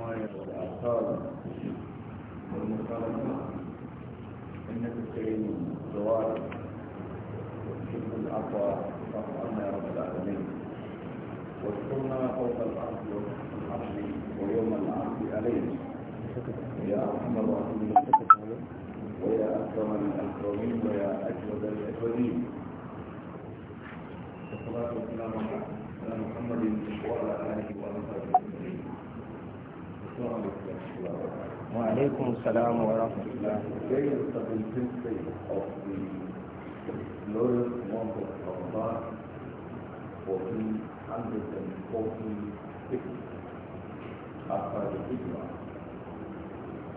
والعقائد والآثار والمخالفات إنك كريم جواد وتحب العفو فاعف يا رب العالمين واذكرنا فوق الأرض والحشر ويوم العرض علينا يا أرحم الراحمين ويا أكرم الأكرمين ويا أجود الأجودين الصلاة والسلام على محمد وعلى آله وصحبه Wa alaikum salam wa rahmatullah. the of the month of Ramadan, after the Hijrah,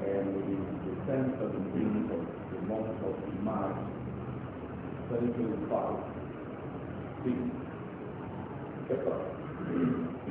and the of the beginning of the month of March, 2025, 6 Pepper.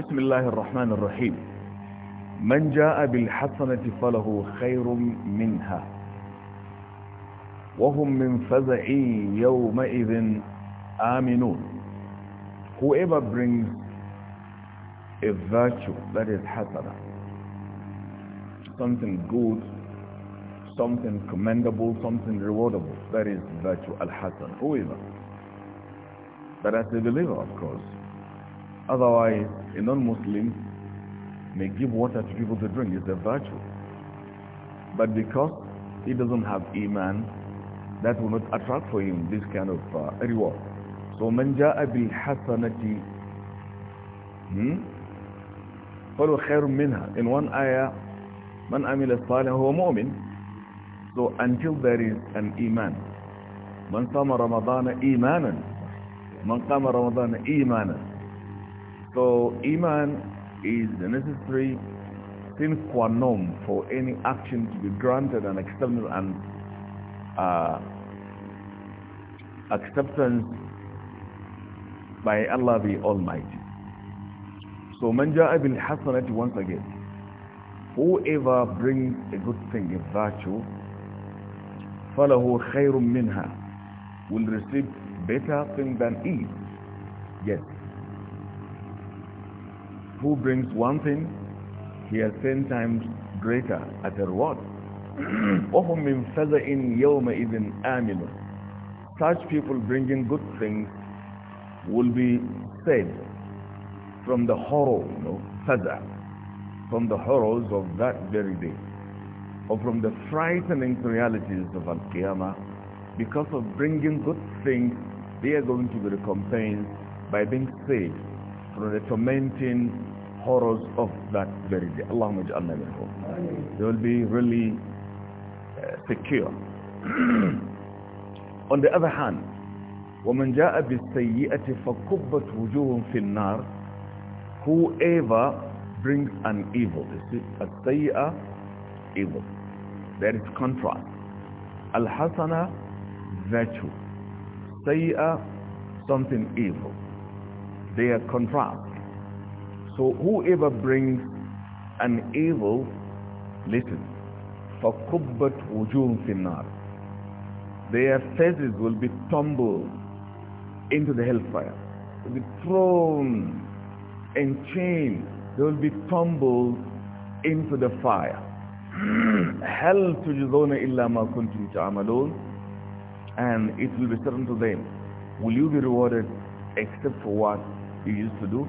بسم الله الرحمن الرحيم من جاء بالحسنة فله خير منها وهم من فزع يومئذ آمنون whoever brings a virtue that is hasana something good something commendable something rewardable that is virtue al-hasana whoever that as a believer of course Otherwise, a non-Muslim may give water to people to drink. It's a virtue. But because he doesn't have iman, that will not attract for him this kind of uh, reward. So, من جاء بالحسنة فلو خير منها. In one ayah, من عمل الصالح هو مؤمن. So, until there is an iman, من صام رمضان إيمانا من قام رمضان إيمانا so Iman is the necessary sine qua non for any action to be granted and external and uh, acceptance by Allah the Almighty. So man ibn bil once again. Whoever brings a good thing, a virtue, who khayrun minha will receive better thing than it. Yes who brings one thing, he has ten times greater at a reward. وَهُمْ مِنْ فَزَئٍ يَوْمَئِذٍ آمِنٌ Such people bringing good things will be saved from the horror, you know, from the horrors of that very day, or from the frightening realities of Al-Qiyamah, because of bringing good things, they are going to be recompensed by being saved from the tormenting horrors of that very day. Allahumma ja'alna minhum. They will be really uh, secure. On the other hand, وَمَنْ جَاءَ بِالسَّيِّئَةِ فَكُبَّتْ وُجُوهٌ فِي النَّارِ Whoever brings an evil, you see, sayya, evil. There is contrast. Al-Hasana, virtue. Sayya, something evil. They are contrast. So whoever brings an evil, listen, for وُجُوهٌ فِي النَّارِ Their faces will be tumbled into the hellfire. They will be thrown and chained. They will be tumbled into the fire. هَلْ تُجْزَوْنَ إِلَّا مَا كُنْتُمْ تَعْمَلُونَ And it will be certain to them, will you be rewarded except for what you used to do?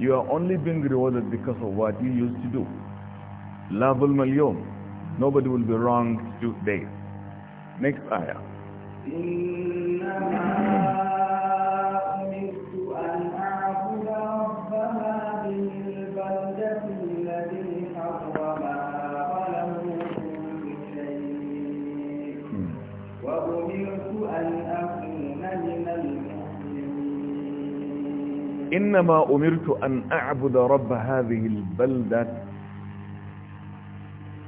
You are only being rewarded because of what you used to do. La zulma Nobody will be wrong today. Next ayah. إنما أمرت أن أعبد رب هذه البلدة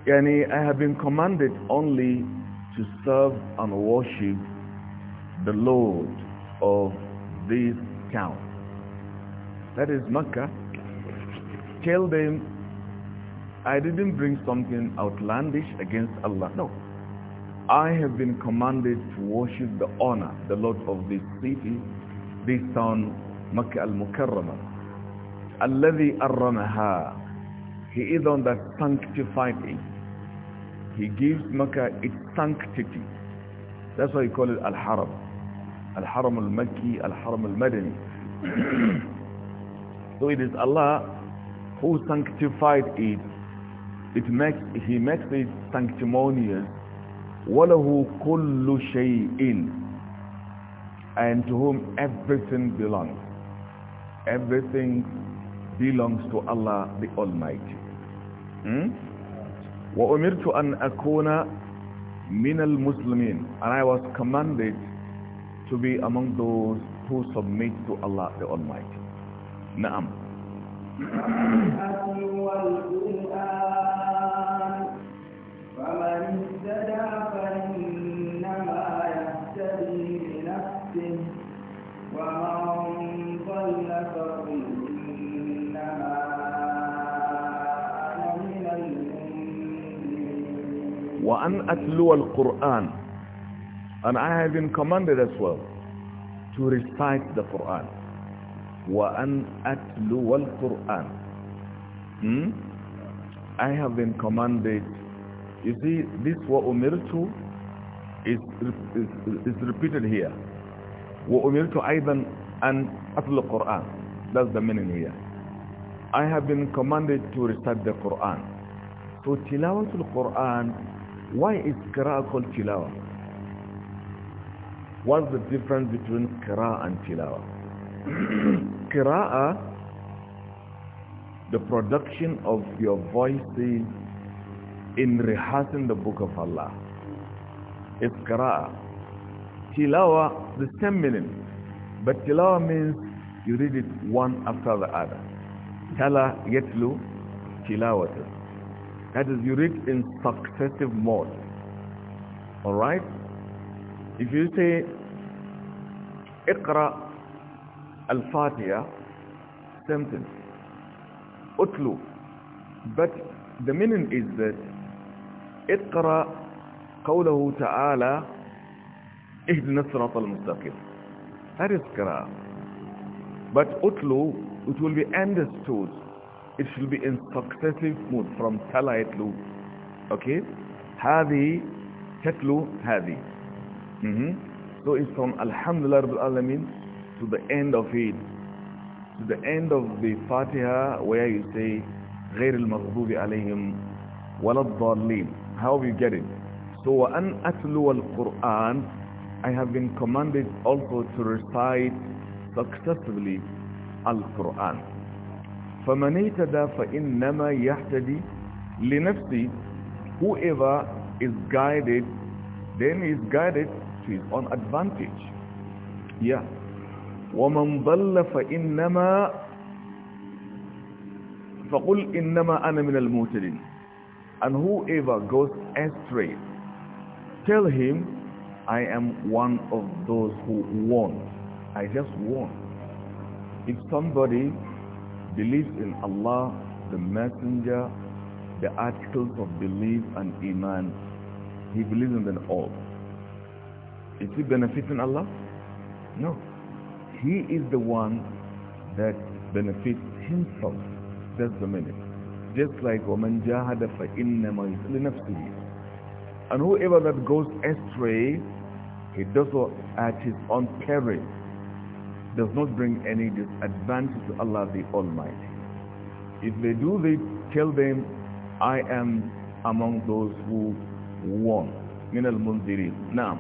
يعني I have been commanded only to serve and worship the Lord of this town. That is Makkah. Tell them, I didn't bring something outlandish against Allah. No. I have been commanded to worship the honor, the Lord of this city, this town مكة المكرمة الذي أرمها He is on the sanctified it. He gives مكة its sanctity. That's why he call it al-Haram. Al-Haram al-Makki, al-Haram al-Madani. so it is Allah who sanctified it. It makes, he makes it sanctimonious. وَلَهُ كُلُّ شَيْءٍ and to whom everything belongs. everything belongs to Allah the Almighty. Hmm? وَأُمِرْتُ أَنْ أَكُونَ مِنَ الْمُسْلِمِينَ And I was commanded to be among those who submit to Allah the Almighty. نعم. فمن نفر وأن أتلو القرآن and I have been commanded as well to recite the Quran وأن أتلو القرآن hmm? I have been commanded you see this وأمرت is, is, is repeated here وأمرت أيضا and the Quran. That's the meaning here. I have been commanded to recite the Quran. So Tilawatul Quran, why is Qira called Tilawa? What's the difference between Qira and Tilawa? Qira'a, the production of your voices in rehearsing the book of Allah. It's Qira'a. Tilawa, the same meaning but tilawa means you read it one after the other. Tala yetlu tilawata. That is, you read in successive mode. Alright? If you say, Iqra al-Fatiha, same thing. Utlu. But the meaning is that Iqra قوله تعالى اهدنا الصراط المستقيم that is But utlu, it will be understood. It should be in successive mood from tala itlu, Okay? Hadi, tatlu, hadi. Mm -hmm. So it's from Alhamdulillah Rabbil Alameen to the end of it. To the end of the Fatiha where you say غير المغضوب عليهم ولا الضالين. How you get it? So وأن أتلو القرآن I have been commanded also to recite successively Al-Quran. فَمَنْ اِتَدَى فَإِنَّمَا يَحْتَدِي لِنَفْسِي Whoever is guided, then is guided to his own advantage. Yeah. وَمَنْ ضَلَّ فَإِنَّمَا فَقُلْ إِنَّمَا أَنَا مِنَ الْمُوتَدِينَ And whoever goes astray, tell him I am one of those who want. I just want. If somebody believes in Allah, the Messenger, the articles of belief and Iman, he believes in them all. Is he benefiting Allah? No. He is the one that benefits himself. That's the meaning. Just like وَمَنْ جَاهَدَ فَإِنَّمَا يُسْلِ نَفْسِهِ and whoever that goes astray, he does so at his own peril, does not bring any disadvantage to Allah the Almighty. If they do they tell them, I am among those who won. من المنذرين نعم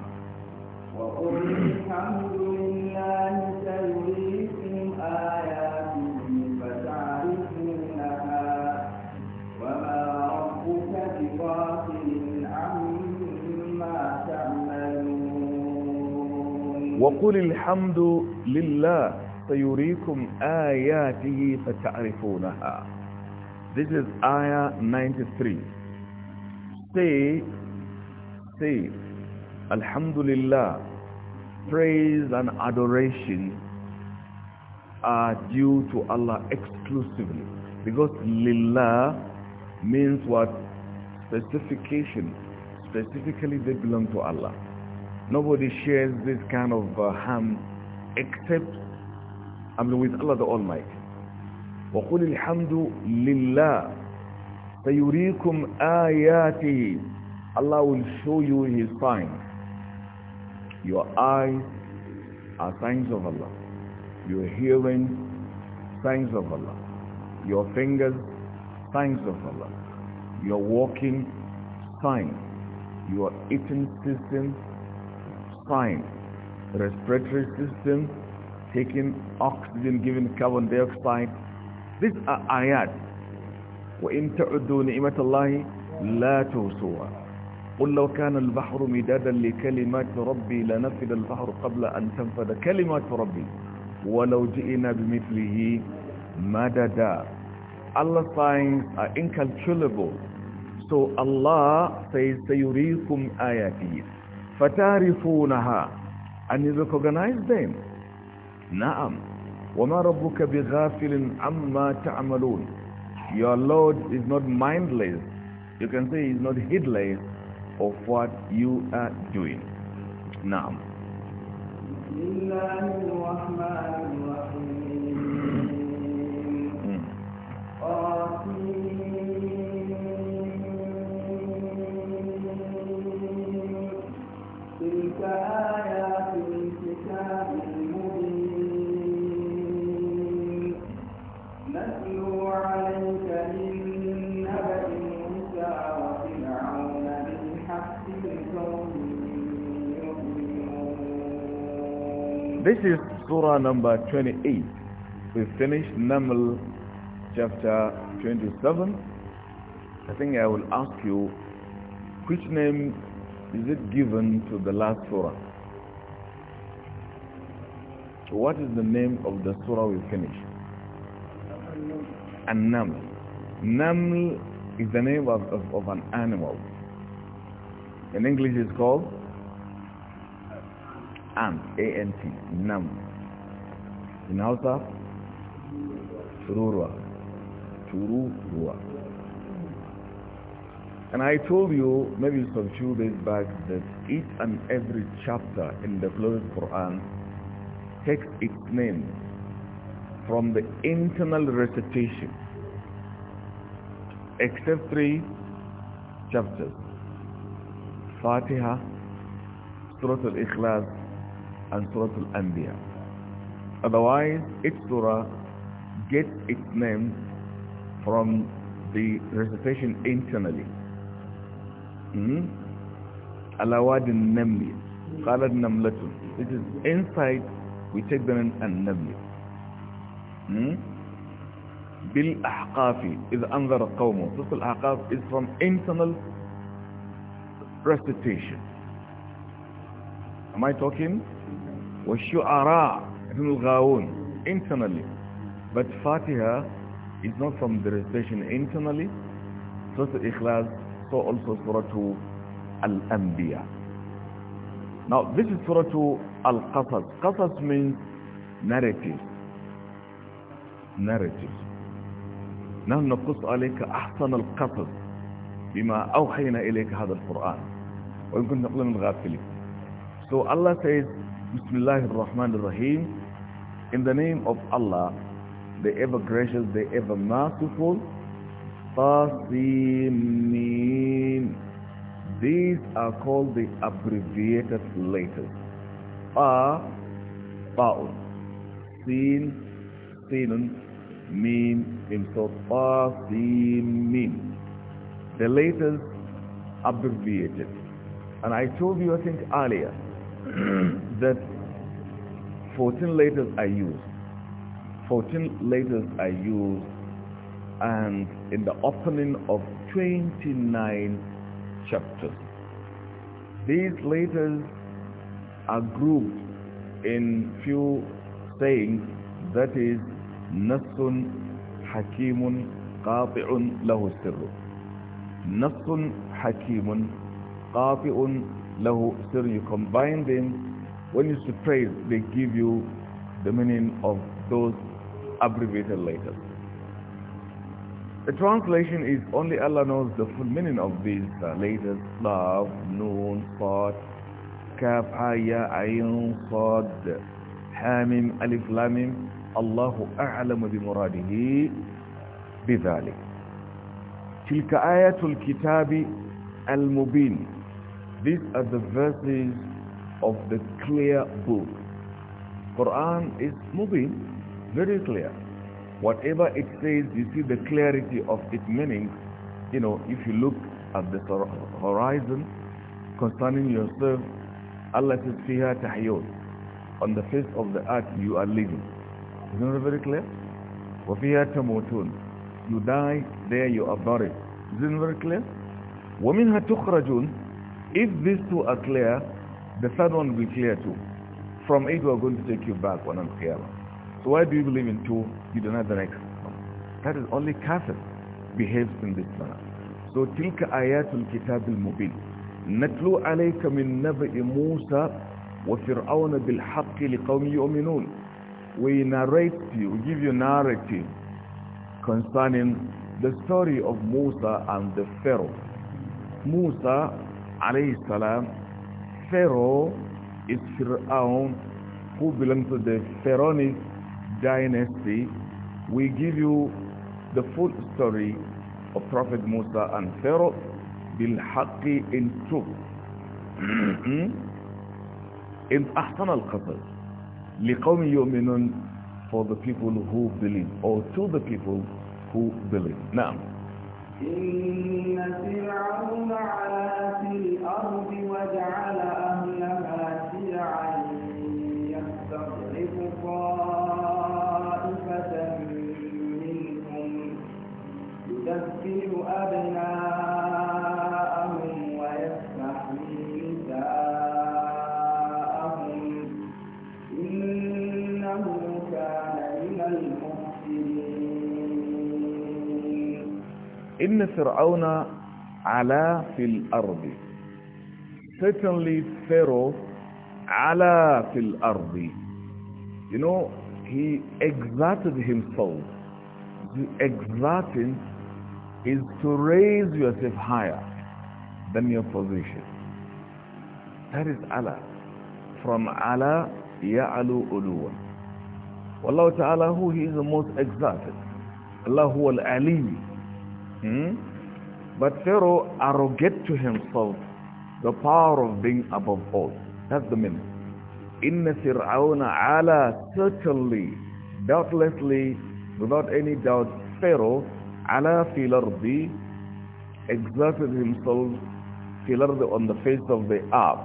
وقل الحمد لله سيريكم آيات وقل الحمد لله سيريكم آياته فتعرفونها This is ayah 93 Say, say Alhamdulillah Praise and adoration are due to Allah exclusively because lillah means what? Specification specifically they belong to Allah Nobody shares this kind of uh, except I mean, with Allah the Almighty. وَقُلِ الْحَمْدُ لِلَّهِ سَيُرِيكُمْ آيَاتِهِ Allah will show you His signs. Your eyes are signs of Allah. Your hearing, signs of Allah. Your fingers, signs of Allah. Your walking, signs. Your eating system, spine, respiratory system, taking oxygen, giving carbon dioxide. These are ayat. وَإِن تَعُدُّوا نِعْمَةَ اللَّهِ لَا تُوسُوهَا قل لو كان البحر مدادا لكلمات ربي لنفد البحر قبل أن تنفد كلمات ربي ولو جئنا بمثله مددا Allah signs are incalculable so Allah says سيريكم آياته فتعرفونها and you recognize them نعم وما ربك بغافل عما تعملون your Lord is not mindless you can say he's not heedless of what you are doing نعم This is Surah number 28. We finished Naml chapter 27. I think I will ask you, which name is it given to the last Surah? What is the name of the Surah we finished? An Naml. Naml is the name of, of, of an animal. In English it's called ant, A-N-T, nam. In Hausa, tururua, tururua. And I told you, maybe some few days back, that each and every chapter in the Glorious Quran takes its name from the internal recitation, except three chapters. Fatiha, Surah Al-Ikhlas, and Surah Al-Anbiya. Otherwise, each surah gets its name from the recitation internally. Hmm? Alawadin Namli, Qalad Namlatun. This is inside, we take the name and Namli. Hmm? Bil Ahqafi is anzar qawmu. Surah Al-Ahqaf is from internal recitation. am I talking والشعراء هم الغاوون internally but Fatiha is not from the recitation internally Surah Al-Ikhlas so also Surah Al-Anbiya now this is Surah Al-Qasas Qasas means narrative narrative نحن نقص عليك أحسن القصص بما أوحينا إليك هذا القرآن وإن كنت نقول من غافلين So Allah says, Bismillah ar-Rahman rahim in the name of Allah, the ever gracious, the ever merciful, Tasimeen. These are called the abbreviated letters. A, Ta'un, Sin, Sinun, Meen, himself, Tasimeen. The letters abbreviated. And I told you, I think, earlier, that 14 letters are used. 14 letters are used and in the opening of 29 chapters. These letters are grouped in few sayings that is Nassun Hakimun Qati'un له السر نص حكيم Qati'un lahu sir you combine them when you praise, they give you the meaning of those abbreviated letters the translation is only Allah knows the full meaning of these uh, letters love noon sad kaf ya ayn sad hamim alif lamim Allahu a'lamu bi muradihi بذلك تلك kitabi al-mubin these are the verses of the clear book. Quran is moving, very clear. Whatever it says, you see the clarity of its meaning. You know, if you look at the horizon concerning yourself, Allah says, فِيهَا تَحْيُونَ On the face of the earth you are living. Isn't it very clear? وَفِيهَا تَمُوتُونَ You die, there you are buried. Isn't it very clear? وَمِنْهَا تُخْرَجُونَ if these two are clear, the third one will be clear too. From it, we are going to take you back on Al-Qiyamah. So why do you believe in two? You don't have the next one. That is only kafir behaves in this manner. So tilka ayatul kitab al-mubin. نتلو عليك من نبأ موسى وفرعون بالحق لقوم يؤمنون we narrate to you, we give you narrative concerning the story of Musa and the Pharaoh. Musa alayhi salam, Pharaoh is Fir'aun who belongs to the Pharaonic dynasty. We give you the full story of Prophet Musa and Pharaoh haki in truth. in أحسن القصص لقوم يؤمنون for the people who believe or to the people who believe. Now, إن فرعون علا في الأرض وجعل أهلها طائفة منهم يدبر أبناءهم إن فرعون Ala fil ardi certainly Pharaoh ala fil ardi you know he exerted himself the exerting is to raise yourself higher than your position that is ala from ala ya'lu uluwa Allah ta'ala, who he is the most exalted Allah huwa al-ali Hmm? But Pharaoh arrogate to himself the power of being above all. That's the meaning. Inna fir'auna ala certainly, doubtlessly, without any doubt, Pharaoh ala fil ardi exerted himself fil on the face of the earth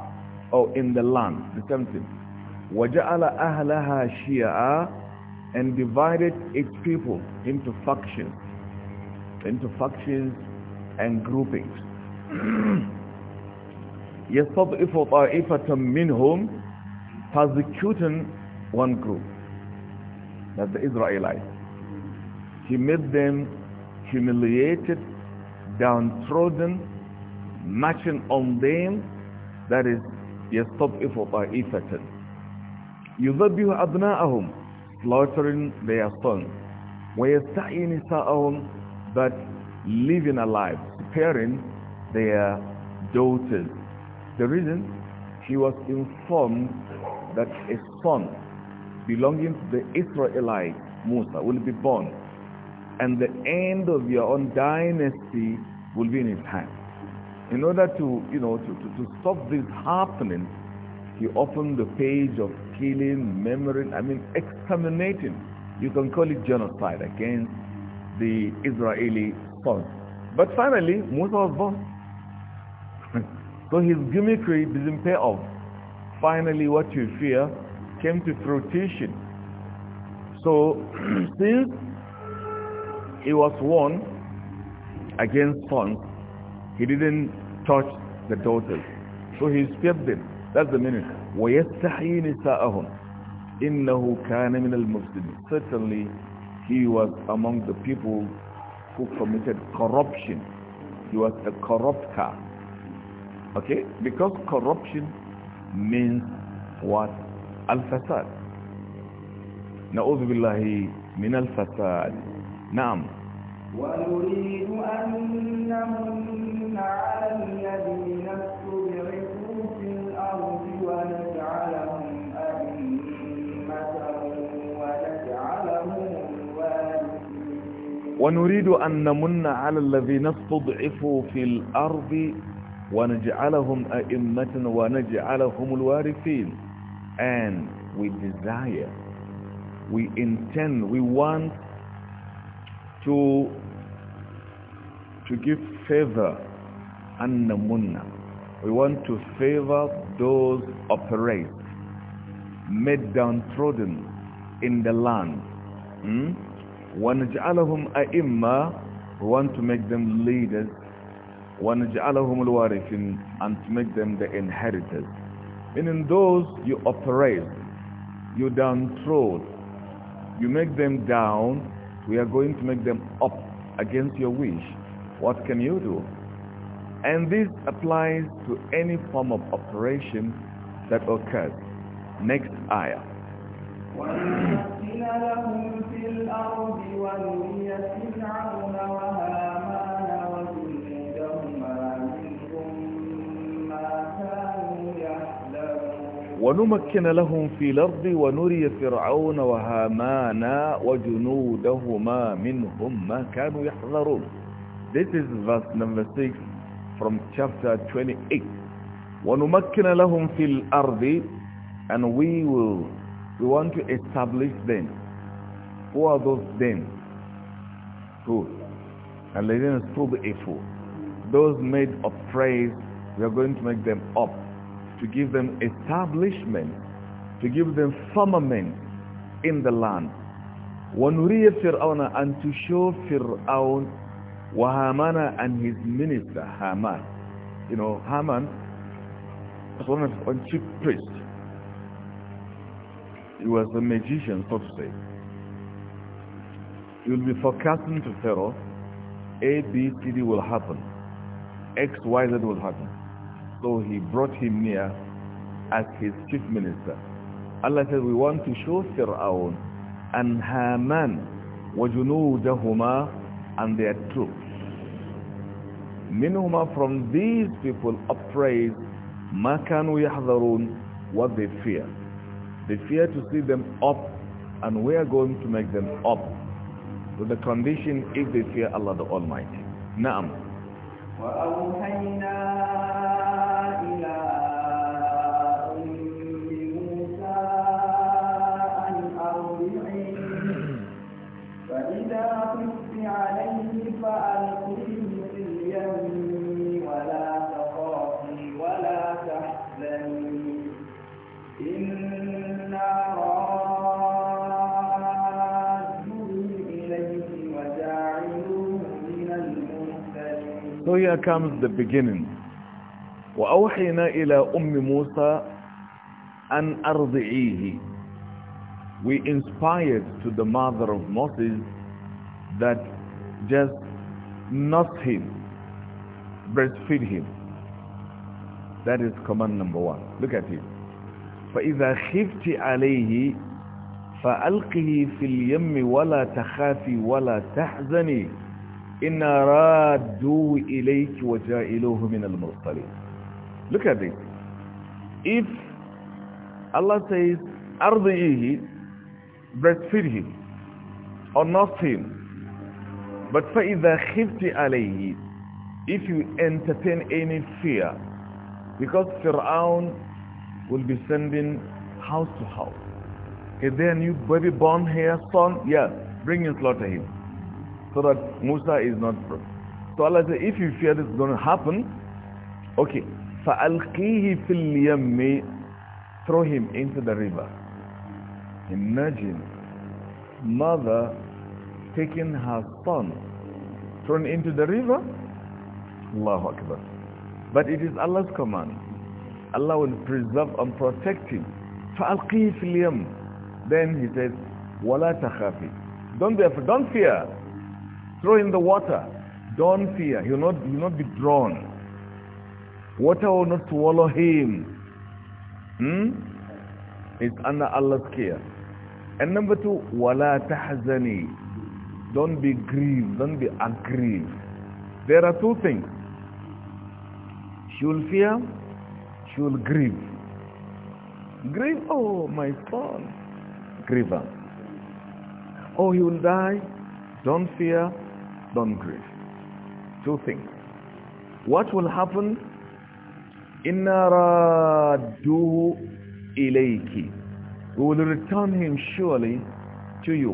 or in the land, the same thing. وَجَعَلَ أَهْلَهَا شِيَعًا and divided its people into factions into factions and groupings يَسْتَضْعِفُ طَائِفَةً مِّنْهُمْ persecuting one group that's the Israelites he made them humiliated downtrodden marching on them that is يَسْتَضْعِفُ طَائِفَةً يُذَبِّهُ أَبْنَاءَهُمْ slaughtering their sons وَيَسْتَعِي نِسَاءَهُمْ but living a life, preparing their daughters. The reason? He was informed that a son belonging to the Israelite, Musa, will be born. And the end of your own dynasty will be in his hands. In order to, you know, to, to, to stop this happening, he opened the page of killing, memory. I mean, exterminating. You can call it genocide against the Israeli son. But finally, Moses was born. so his gimmickry didn't pay off. Finally, what you fear came to fruition. So, since he was won against sons, he didn't touch the daughters. So he spared them. That's the meaning. وَيَسْتَحْيِي نِسَاءَهُمْ إِنَّهُ كَانَ مِنَ muslim Certainly, he was among the people who committed corruption. He was a corrupter. Okay? Because corruption means what? Al-fasad. نعوذ بالله من الفساد نعم ونريد أن الأرض ونجعلهم ونريد أن نمن على الذين استضعفوا في الأرض ونجعلهم أئمة ونجعلهم الوارثين and we desire we intend we want to to give favor and munna we want to favor those operate made downtrodden in the land hmm? ونجعلهم أئمة we want to make them leaders ونجعلهم الوارثين and to make them the inheritors meaning those you operate you downtrod you make them down we are going to make them up against your wish what can you do and this applies to any form of operation that occurs next ayah ونمكن لهم في الأرض ونري فرعون وهامان وجنودهما منهم ما كانوا يحذرون ونمكن لهم في الأرض ونري فرعون وهامان وجنودهما منهم ما كانوا يحذرون This is verse number 6 from chapter 28. وَنُمَكِّنَ لَهُمْ فِي الْأَرْضِ And we will We want to establish them. Who are those them? Who? and a fool. Those made of praise, we are going to make them up, to give them establishment, to give them firmament in the land. وَنُرِيَ فِرْعَوْنَ And to show Fir'aun وَهَامَانَ and his minister, Haman. You know, Haman was one of the chief priests he was a magician, so to say. You'll be forecasting to Pharaoh, A, B, C, D will happen. X, Y, Z will happen. So he brought him near as his chief minister. Allah said, we want to show Fir'aun and Haman وَجُنُودَهُمَا and their troops. Minhuma from these people upraise مَا كَانُوا يَحْذَرُونَ what they fear. They fear to see them up and we are going to make them up with the condition if they fear Allah the Almighty. Naam. here comes the beginning. وَأَوْحِيْنَا إِلَىٰ أُمِّ مُوسَىٰ أَنْ أَرْضِعِيهِ We inspired to the mother of Moses that just not him, breastfeed him. That is command number one. Look at it. فَإِذَا خِفْتِ عَلَيْهِ فَأَلْقِهِ فِي الْيَمِّ وَلَا تَخَافِي وَلَا تَحْزَنِي inna raddu ilayki wa ja'iluhu min al-mursalin look at this if Allah says ardihi breastfeed him or not him but فَإِذَا خِفْتِ عَلَيْهِ if you entertain any fear because Fir'aun will be sending house to house is there a new baby born here son yes bring and slaughter him so that Musa is not So Allah said, if you fear this is going to happen, okay, فَأَلْقِيهِ فِي الْيَمِّ Throw him into the river. Imagine mother taking her son, thrown into the river. Allahu Akbar. But it is Allah's command. Allah will preserve and protect him. فَأَلْقِيهِ فِي الْيَمِّ Then he says, وَلَا تَخَافِي Don't, be afraid. Don't fear. Throw in the water. Don't fear. He will not, he will not be drawn. Water will not swallow him. Hmm? It's under Allah's care. And number two, wala tahzani. Don't be grieved. Don't be aggrieved. There are two things. She will fear. She will grieve. Grieve, oh, my son. Grieve. Oh, he will die. Don't fear don't grieve. Two things. What will happen? Inna radduhu ilayki. We will return him surely to you.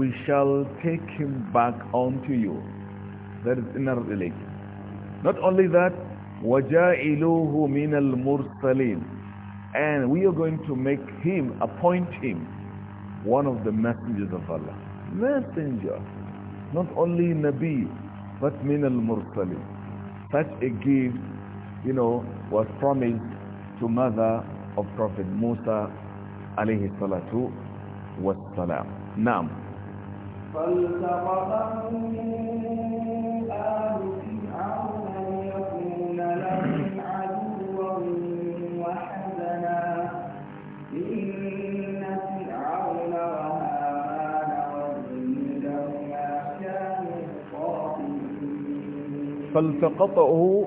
We shall take him back unto you. That is inna ilayki. Not only that, وَجَائِلُوهُ مِنَ الْمُرْسَلِينَ and we are going to make him, appoint him, one of the messengers of Allah. Messenger not only Nabi, but min al-mursalin. Such a gift, you know, was promised to mother of Prophet Musa alayhi salatu was salam. Naam. فالتقطه آل فالتقطه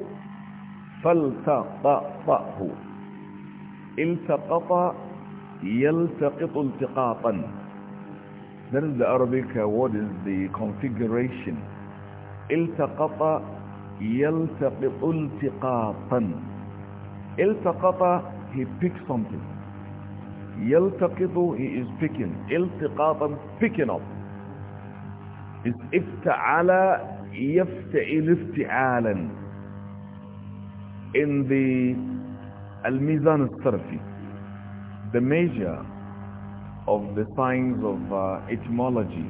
فالتقطه التقط يلتقط التقاطا That is the Arabic word is the configuration. التقط يلتقط التقاطا التقط he picks something. يلتقط he is picking. التقاطا picking up. Is افتعل يفتعل افتعالا in the Al-Mizan the measure of the signs of uh, etymology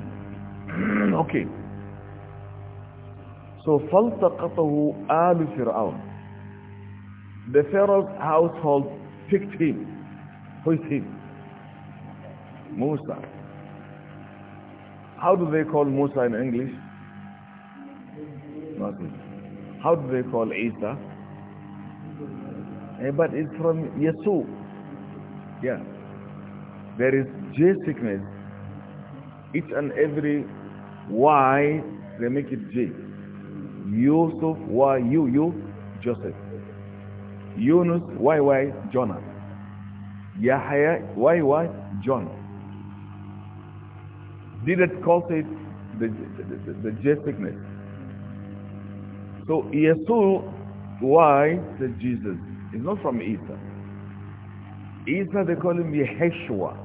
okay so فَالْتَقَطَهُ آلُ فِرْعَوْنَ the Pharaoh's household picked him who is him? Musa how do they call Musa in English? How do they call Isa? Eh, but it's from Yesu. Yeah. There is J sickness. Each and every Y, they make it J. Yusuf, Y, U, U, Joseph. Yunus, Y, Y, Jonah. Yahya, Y, Y, John. Did it cause it the, the, the, the J sickness? So, mm-hmm. Yesu, why? Said Jesus. It's not from Isa. Isa, they call him Yeshua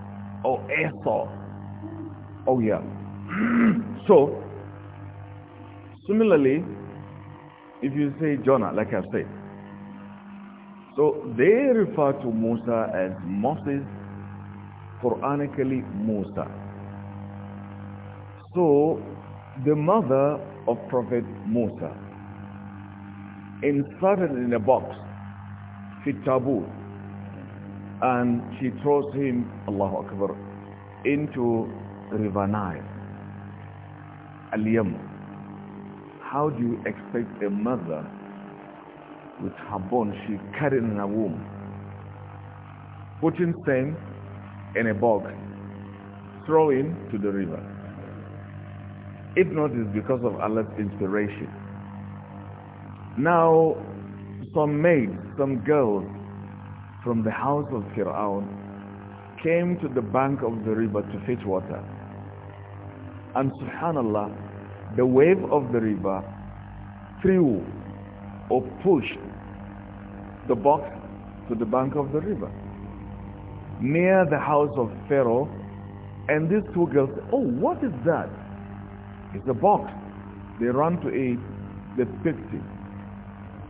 or Esau. Oh, yeah. so, similarly, if you say Jonah, like I've said, so they refer to Musa as Moses, Quranically Musa. So the mother of Prophet Musa inserted in a box, fit taboo, and she throws him, Allahu Akbar, into River Nile, al How do you expect a mother with her bone she carried in her womb, putting sand in a box, throwing to the river? If not, it's because of Allah's inspiration. Now, some maids, some girls from the house of Fir'aun came to the bank of the river to fetch water. And subhanallah, the wave of the river threw or pushed the box to the bank of the river near the house of Pharaoh and these two girls oh what is that it's a box they ran to it they picked it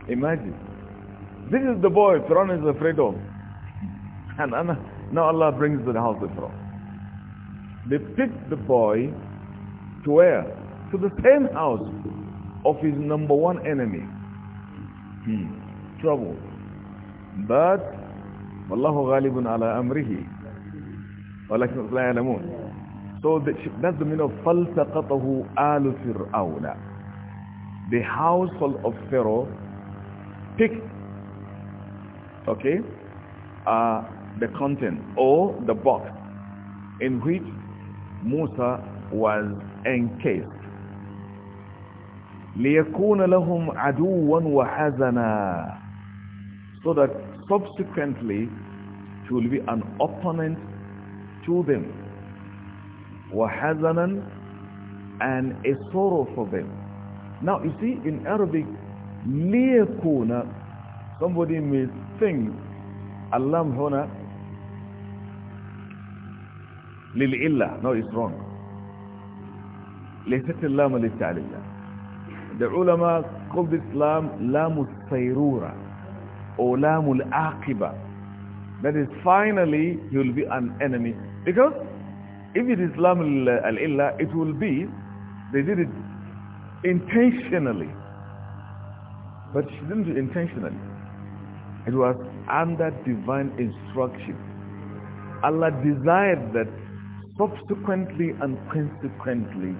Imagine. This is the boy Pharaoh is afraid of. And now Allah brings to the house of Pharaoh. They pick the boy to where? To the same house of his number one enemy. Hmm. Trouble. But, Wallahu ghalibun ala amrihi. Walakin la yalamun. So the, that's the meaning of فَالْتَقَطَهُ آلُ فِرْعَوْنَ The household of Pharaoh pick okay uh, the content or the box in which Musa was encased ليكون لهم عدوا وحزنا so that subsequently it will be an opponent to them وحزنا and a sorrow for them now you see in Arabic liyakuna somebody may think Allah huna lil illa no it's wrong ليست اللام للتعليل the ulama called Islam lamu sayrura or lamu al-aqiba that is finally he will be an enemy because if it is lamu al-illa it will be they did it intentionally but she didn't do intentionally. It was under divine instruction. Allah desired that subsequently and consequently,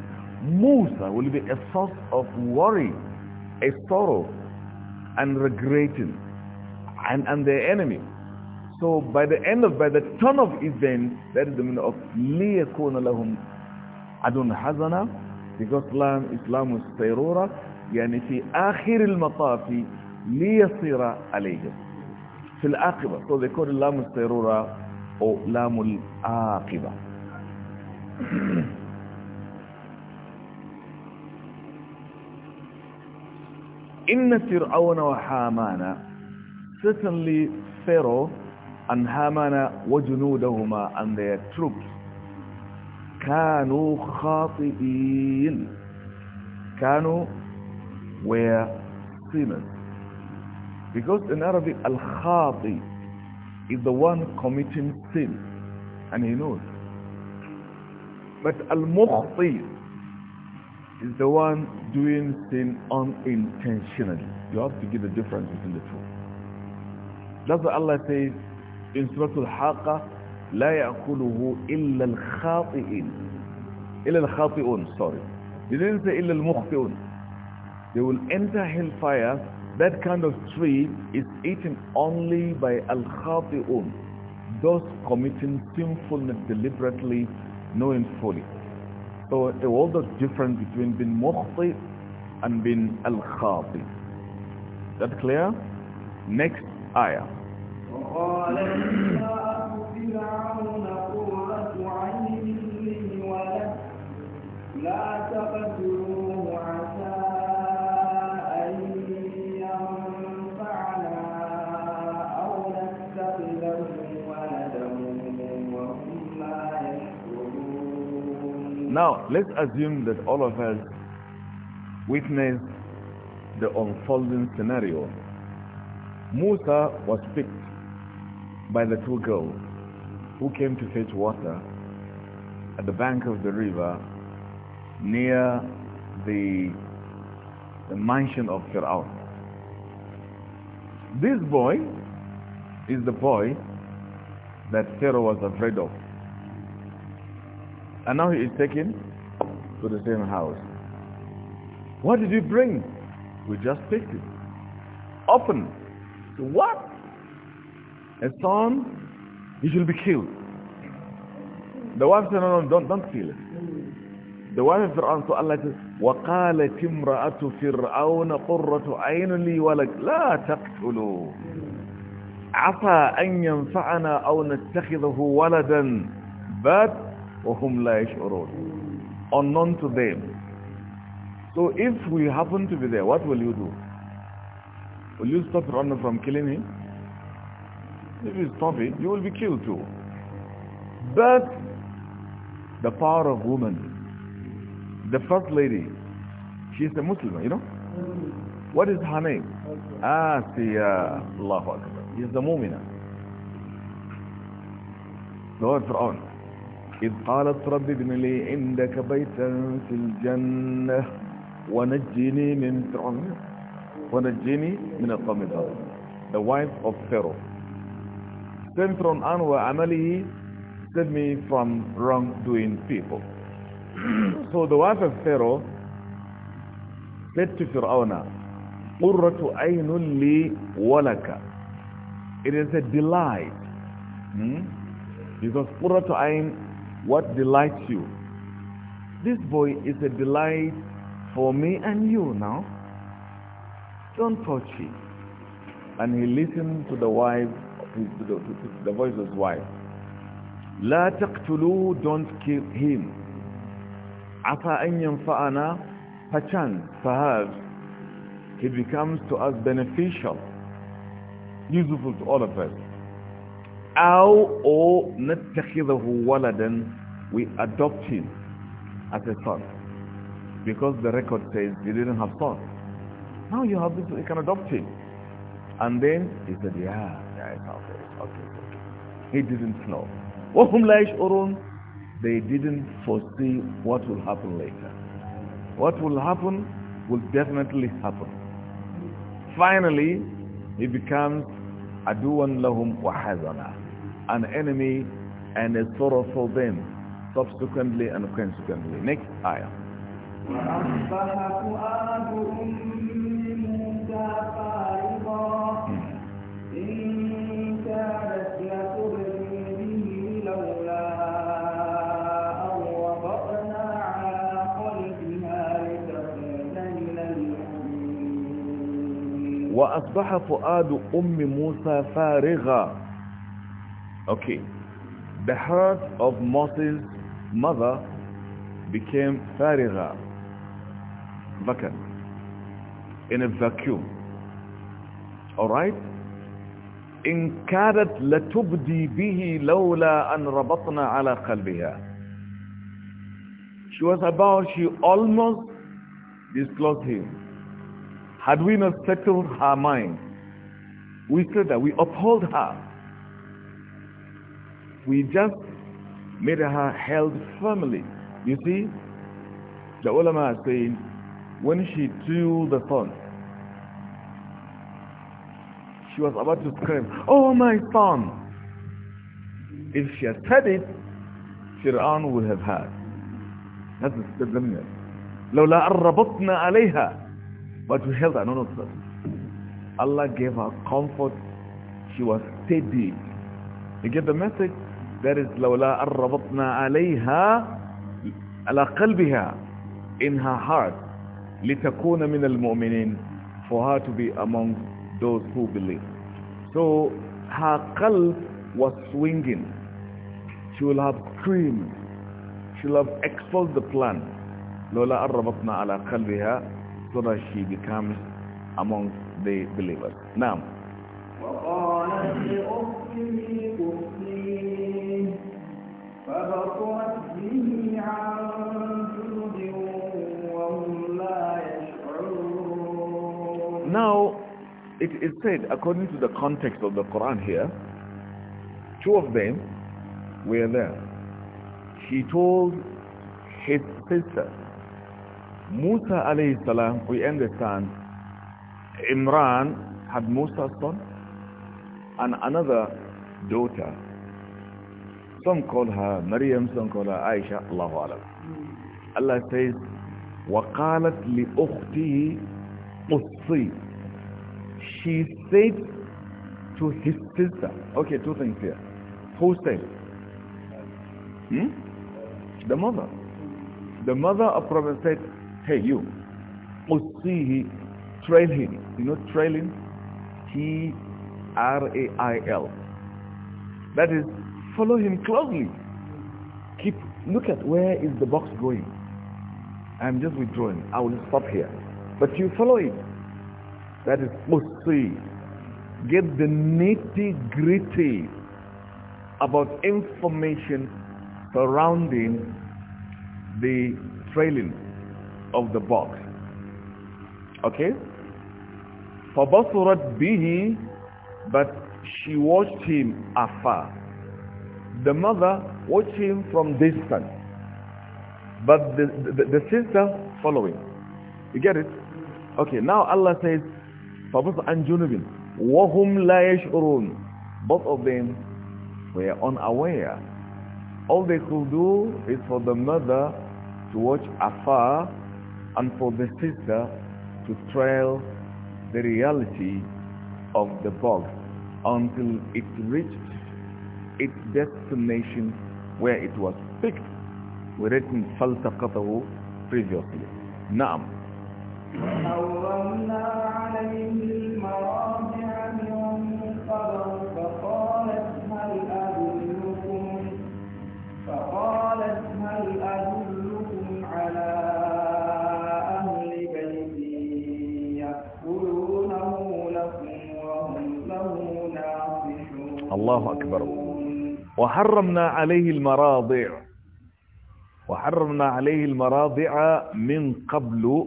Musa will be a source of worry, a sorrow, and regretting, and, and their enemy. So by the end of, by the turn of events, that is the meaning of لِيَكُونَ لَهُمْ adun hazana because Islam, Islam is terror يعني في آخر المطاف ليصير عليهم في العاقبة so they اللام لام السيرورة أو لام العاقبة إن فرعون وحامان certainly Pharaoh and Haman وجنودهما and their troops كانوا خاطئين كانوا were sinners. Because in Arabic, al-khati is the one committing sin, and he knows. But al-mukhti is the one doing sin unintentionally. You have to give the difference between the two. That's what Allah says in Surah Al-Haqqa, لا يأكله إلا الخاطئين إلا الخاطئون sorry. He didn't say إلا المخطئون they will enter hellfire. That kind of tree is eaten only by al-khati'un, those committing sinfulness deliberately, knowing fully. So the was difference between being mukhti and being al-khati. That clear? Next ayah. Now, let's assume that all of us witnessed the unfolding scenario. Musa was picked by the two girls who came to fetch water at the bank of the river near the, the mansion of Pharaoh. This boy is the boy that Pharaoh was afraid of. And now he is taken to the same house. What did you bring? We just picked it. Open. What? A son, he should be killed. The wife said, no, no, don't, don't kill it. The wife of Fir'aun, so Allah says, وَقَالَتْ امْرَأَةُ فِرْعَوْنَ قُرَّةُ عَيْنُ لِي وَلَكْ لَا تَقْتُلُوا عَفَى أَنْ يَنْفَعَنَا أَوْ نَتَّخِذَهُ وَلَدًا But وَهُمْ لَا يَشْعُرُونَ Unknown to them. So if we happen to be there, what will you do? Will you stop Rana from killing him? If you stop it, you will be killed too. But the power of woman, the first lady, she is a Muslim, you know? What is her name? Asiya. Allahu Akbar. She's a Mu'mina. The for Fir'aun. إذ قالت رب ابن لي عندك بيتا في الجنة ونجني من فرعون ونجني من القوم the wife of Pharaoh sent from Anwa Amali save me from wrongdoing people so the wife of Pharaoh said to Fir'auna قرة عين li walaka." it is a delight hmm? because قرة ayn what delights you. This boy is a delight for me and you now. Don't touch him. And he listened to the wife, to the, to the voice of his wife. لا تقتلوا don't kill him. After أن ينفعنا perchance, perhaps, he becomes to us beneficial, useful to all of us. أو أو نتخذه ولدا we adopt him as a son because the record says you didn't have son now you have this you can adopt him and then he said yeah yeah it's okay it's okay, okay. he didn't know they didn't foresee what will happen later what will happen will definitely happen finally he becomes aduwan lahum wa an enemy and a sorrow for them subsequently and consequently. Next ayah. وأصبح فؤاد أم موسى فارغا Okay. The heart of Moses' mother became farigha, vacant, in a vacuum. Alright? إن كادت لتبدي به لولا أن ربطنا على قلبها. She was about, she almost disclosed him. Had we not settled her mind, we said that we uphold her we just made her held firmly. You see, the ulama are saying, when she threw the phone, she was about to scream, Oh my son! If she had said it, Fir'aun would have heard. That's the statement. لولا أربطنا عليها But we held her, no, no, sir. Allah gave her comfort. She was steady. You get the message? That is لولا أن ربطنا عليها على قلبها in her heart لتكون من المؤمنين for her to be among those who believe. So her qalb was swinging. She will have screamed. She will have exposed the plan. لولا أن ربطنا على قلبها so that she becomes among the believers. Now. Now, it is said, according to the context of the Quran here, two of them were there. He told his sister, Musa alayhi salam, we understand, Imran had Musa's son and another daughter some call her Maryam, some call her Aisha, Allah Alam. Allah says, وَقَالَتْ لِأُخْتِهِ قُصِّي She said to his sister, okay, two things here. Who said? Hmm? The mother. The mother of Prophet said, hey, you, قُصِّيهِ Trail him. You know trail him? T-R-A-I-L. That is Follow him closely. Keep, look at where is the box going. I'm just withdrawing. I will stop here. But you follow it. That is mostly. Get the nitty gritty about information surrounding the trailing of the box. Okay? فَبَصُرَتْ بِهِ But she watched him afar. The mother watched him from distance, but the, the, the sister following. You get it? Okay, now Allah says, فَبُطْ أَنْ جُنُبٍ وَهُمْ لَا يَشْعُرُونَ Both of them were unaware. All they could do is for the mother to watch afar and for the sister to trail the reality of the bog until it reached its destination where it was fixed written فَالْتَقَطَهُ previously. Naam. الله أكبر وحرمنا عليه المراضع وحرمنا عليه المراضع من قبل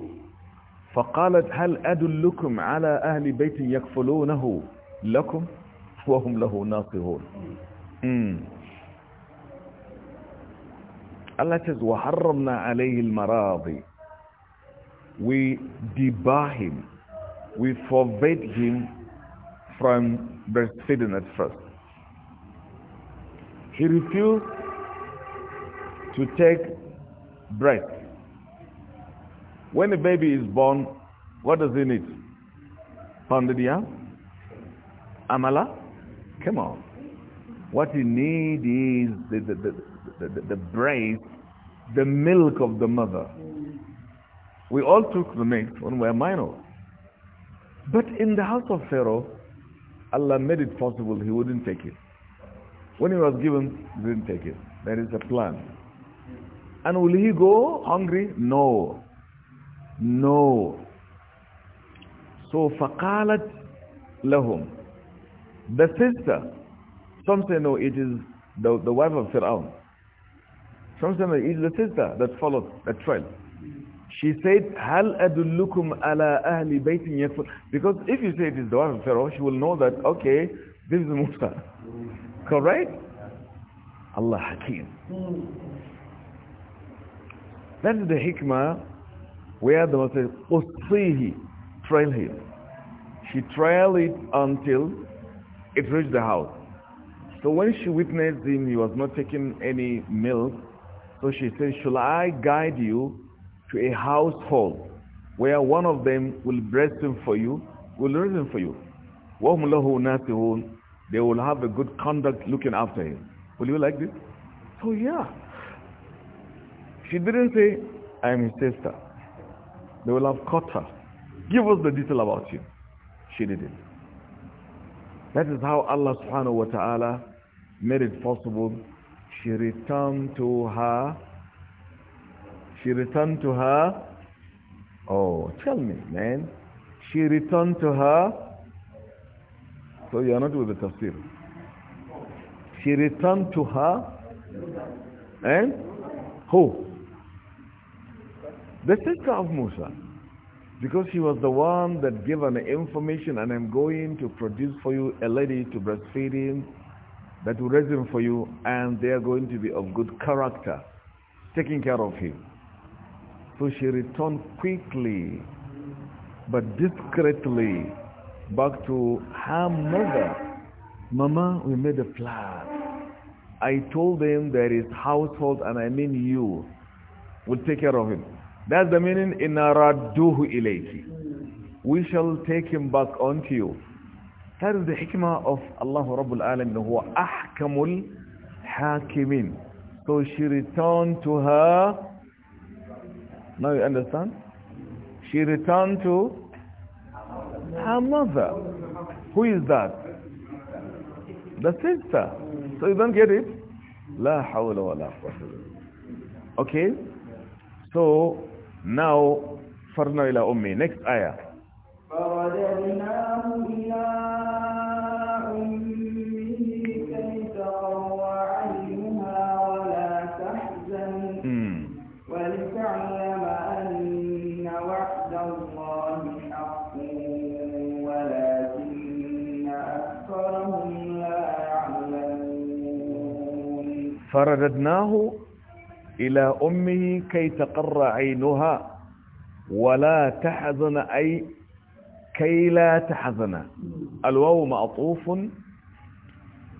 فقالت هل أدلكم على أهل بيت يكفلونه لكم وهم له ناصحون Allah says, وَحَرَّمْنَا عَلَيْهِ الْمَرَاضِ We debar him. We forbid him from breastfeeding at first. He refused to take bread. When a baby is born, what does he need? Pounded Amala? Come on. What he need is the, the, the, the, the bread, the milk of the mother. We all took the milk when we were minors. But in the house of Pharaoh, Allah made it possible he wouldn't take it. When he was given, he didn't take it. There is a plan. And will he go hungry? No. No. So فَقَالَتْ لَهُمْ The sister, some say no, it is the, the wife of Fir'aun. Some say no, it is the sister that followed, the trail. She said, هَلْ أَدُلُّكُمْ عَلَىٰ أَهْلِ بَيْتٍ يَكْفُرُ Because if you say it is the wife of Pharaoh, she will know that, okay, this is Musa. Correct? Allah Hakim. Then the hikmah, where the Lord says, him, trail him. She trailed it until it reached the house. So when she witnessed him, he was not taking any milk. So she said, shall I guide you to a household where one of them will breast him for you, will him for you. وَهُمْ لَهُ نَاسِهُونَ they will have a good conduct looking after him. Will you like this? So yeah. She didn't say, I am his sister. They will have caught her. Give us the detail about you. She didn't. That is how Allah subhanahu wa ta'ala made it possible. She returned to her. She returned to her. Oh, tell me, man. She returned to her so you are not with the tafsir. She returned to her and who? The sister of Musa. Because she was the one that gave an information and I'm going to produce for you a lady to breastfeed him that will raise him for you and they are going to be of good character, taking care of him. So she returned quickly but discreetly back to her mother. Mama, we made a plan. I told them there is household, and I mean you, will take care of him. That's the meaning, in radduhu ilayki. We shall take him back unto you. That is the hikmah of Allah Rabbul Alamin, huwa ahkamul hakimin. So she returned to her. Now you understand? She returned to her mother. Who is that? The sister. So you don't get it? La hawla wa la Okay? So, now, farna ila ummi. Next ayah. فرددناه إلى أمه كي تقر عينها ولا تحزن أي كي لا تحزن الواو معطوف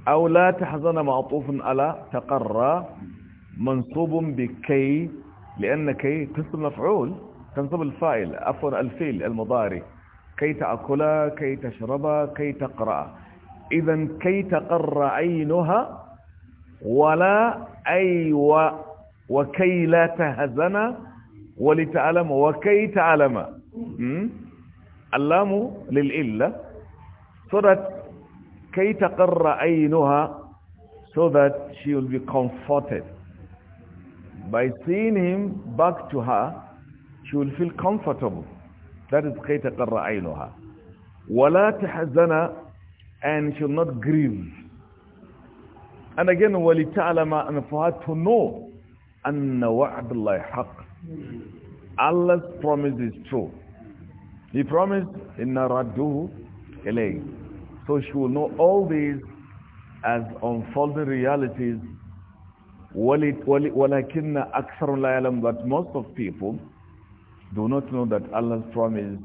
أو لا تحزن معطوف ألا تقر منصوب بكي لأن كي تنصب مفعول تنصب الفائل عفوا الفيل المضاري كي تأكل كي تشرب كي تقرأ إذا كي تقر عينها ولا و... وكي لا تهزن ولتعلم وكي تعلم اللام للإلة so that كي تقر عينها so that she will be comforted by seeing him back to her she will feel comfortable that is كي تقر عينها ولا تحزن and she will not grieve And again, وَلِتَعْلَمَا And for her to know أَنَّ وَعْدَ اللَّهِ حَقٍ Allah's promise is true. He promised in Naradu Ilay. So she will know all these as unfolding realities. وَلَكِنَّ أَكْثَرٌ لَا يَعْلَمُ But most of people do not know that Allah's promise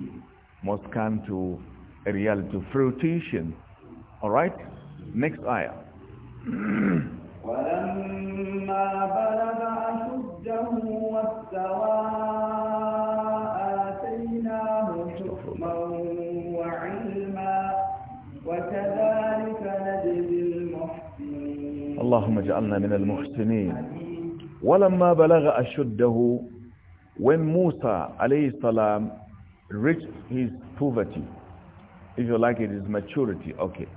must come to a reality, to fruition. Alright? Next ayah. ولما بلغ أشده واستوى آتيناه وعلما وكذلك نجزي المحسنين اللهم اجعلنا من المحسنين ولما بلغ أشده when Musa alayhi salam reached his poverty if you like it is maturity okay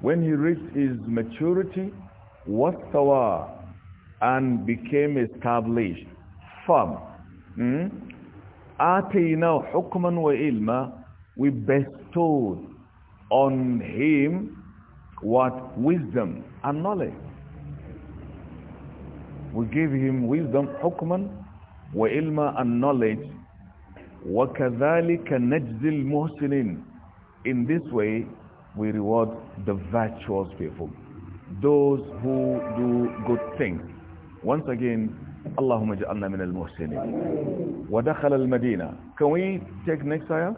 when he reached his maturity, wastawa, and became established, firm. Hmm? Atina hukman wa ilma, we bestowed on him what wisdom and knowledge. We gave him wisdom, hukman wa ilma and knowledge. وَكَذَلِكَ نَجْزِ الْمُحْسِنِينَ In this way, we reward the virtuous people, those who do good things. Once again, Allahumma اللهم اجعلنا من المحسنين ودخل المدينة Can we take next ayah?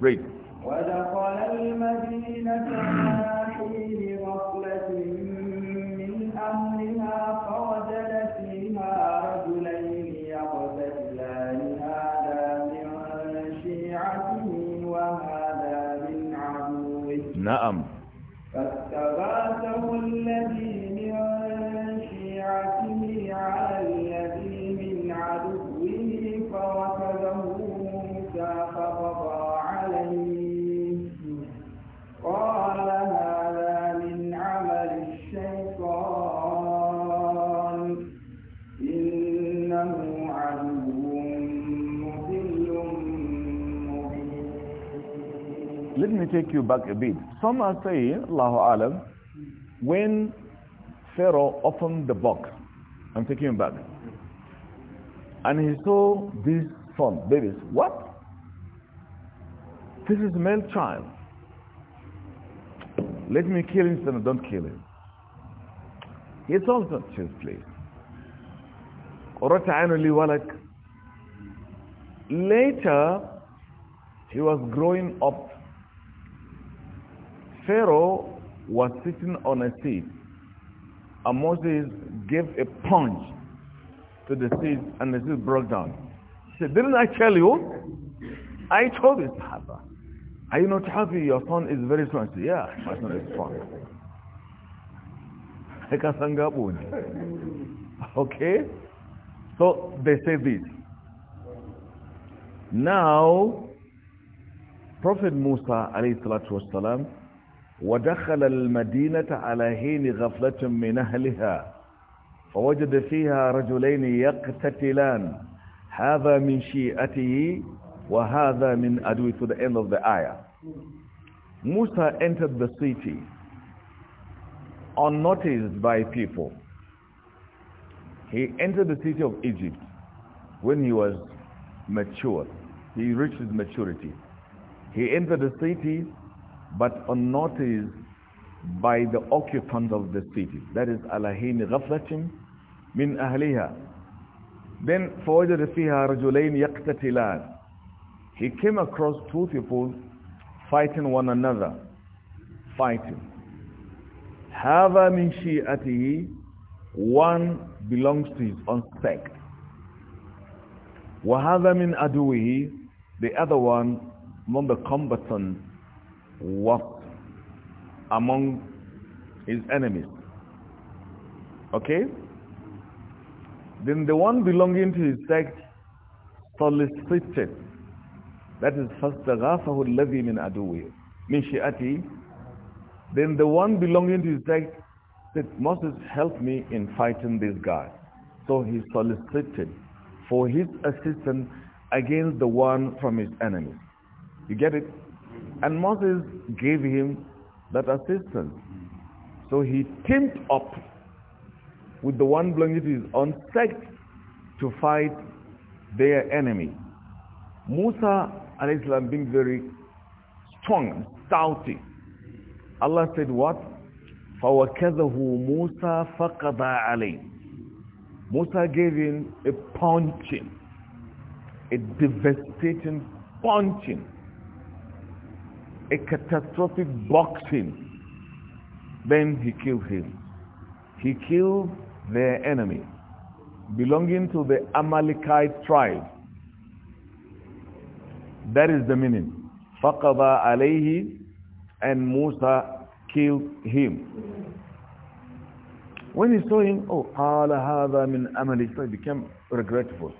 Read ودخل المدينة على حين نعم فاستغاثه الذي take you back a bit. Some are saying, Allahu Alam, when Pharaoh opened the box, I'm taking you back, and he saw this son, babies, what? This is male child. Let me kill him, son, don't kill him. He's also his place. Later, he was growing up Pharaoh was sitting on a seat and Moses gave a punch to the seat and the seat broke down. He said, didn't I tell you? I told his father. Are you not happy? Your son is very strong. Said, yeah, my son is strong. okay? So they say this. Now, Prophet Musa alayhi salatu wasalam, ودخل المدينة على حين غفلة من أهلها فوجد فيها رجلين يقتتلان هذا من شيئته وهذا من أدوي to the end of the ayah Musa entered the city unnoticed by people he entered the city of Egypt when he was mature he reached maturity he entered the city but unnoticed by the occupants of the city. That is, أَلَهِينِ min مِنْ أَهْلِهَا Then فَوَجَدَ فِيهَا رَجُلَيْنِ يَقْتَتِلَانِ He came across two people fighting one another. Fighting. Hava min shi'atihi, One belongs to his own sect. وَهَذَا min أَدُوِهِ The other one among the combatants Walked among his enemies. Okay? Then the one belonging to his sect solicited. That is فَاسْتَغَافَهُ الَّذِي مِنْ أَدُوِهِ مِنْ شِئَتِهِ Then the one belonging to his sect said, Moses, help me in fighting this guy. So he solicited for his assistance against the one from his enemies. You get it? And Moses gave him that assistance. So he teamed up with the one belonging to his own sect to fight their enemy. Musa and islam being very strong and stouty. Allah said what? فَوَكَذَهُ مُوسَى فَقَضَى عَلَيْهِ Musa gave him a punching, a devastating punching a catastrophic boxing. Then he killed him. He killed their enemy, belonging to the Amalekite tribe. That is the meaning. فَقَضَى alayhi, And Musa killed him. When he saw him, oh, قَالَ هَذَا min أَمَلِ he became regretful.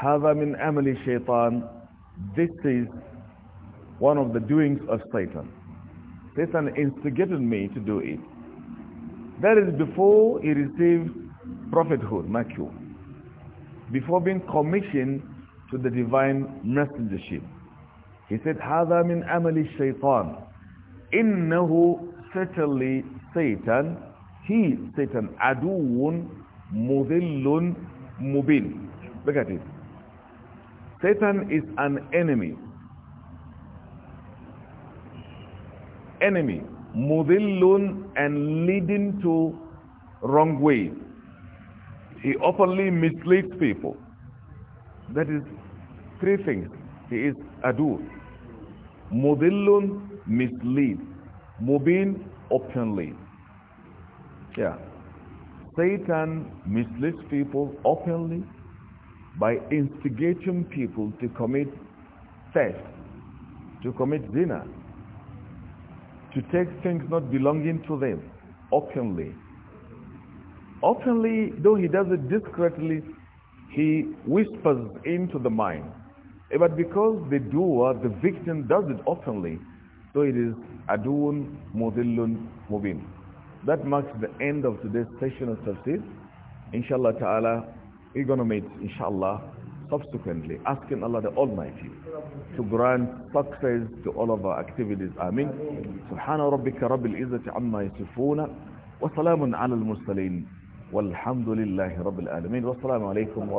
هَذَا min Amalek shaitan. This is one of the doings of Satan. Satan instigated me to do it. That is before he received prophethood, Matthew. before being commissioned to the divine messengership. He said, هذا من عمل الشيطان إنه certainly Satan, he, Satan, عدو مذل مبين. Look at it. Satan is an enemy, enemy, mudillun and leading to wrong way. He openly misleads people. That is three things. He is adu. Mudillun, mislead. Mubin, openly. Yeah. Satan misleads people openly by instigating people to commit theft, to commit zina, to take things not belonging to them openly. Openly, though he does it discreetly, he whispers into the mind. Eh, but because the doer, the victim, does it openly, so it is adun mudillun mubin. That marks the end of today's session of tafsir. Inshallah ta'ala, we're going to meet, inshallah, subsequently asking Allah the Almighty to grant success to all of our activities. Ameen. Subhana rabbika rabbil izzati amma yasifuna wa salamun ala al-mursalin walhamdulillahi rabbil alamin wa salamu عليكم wa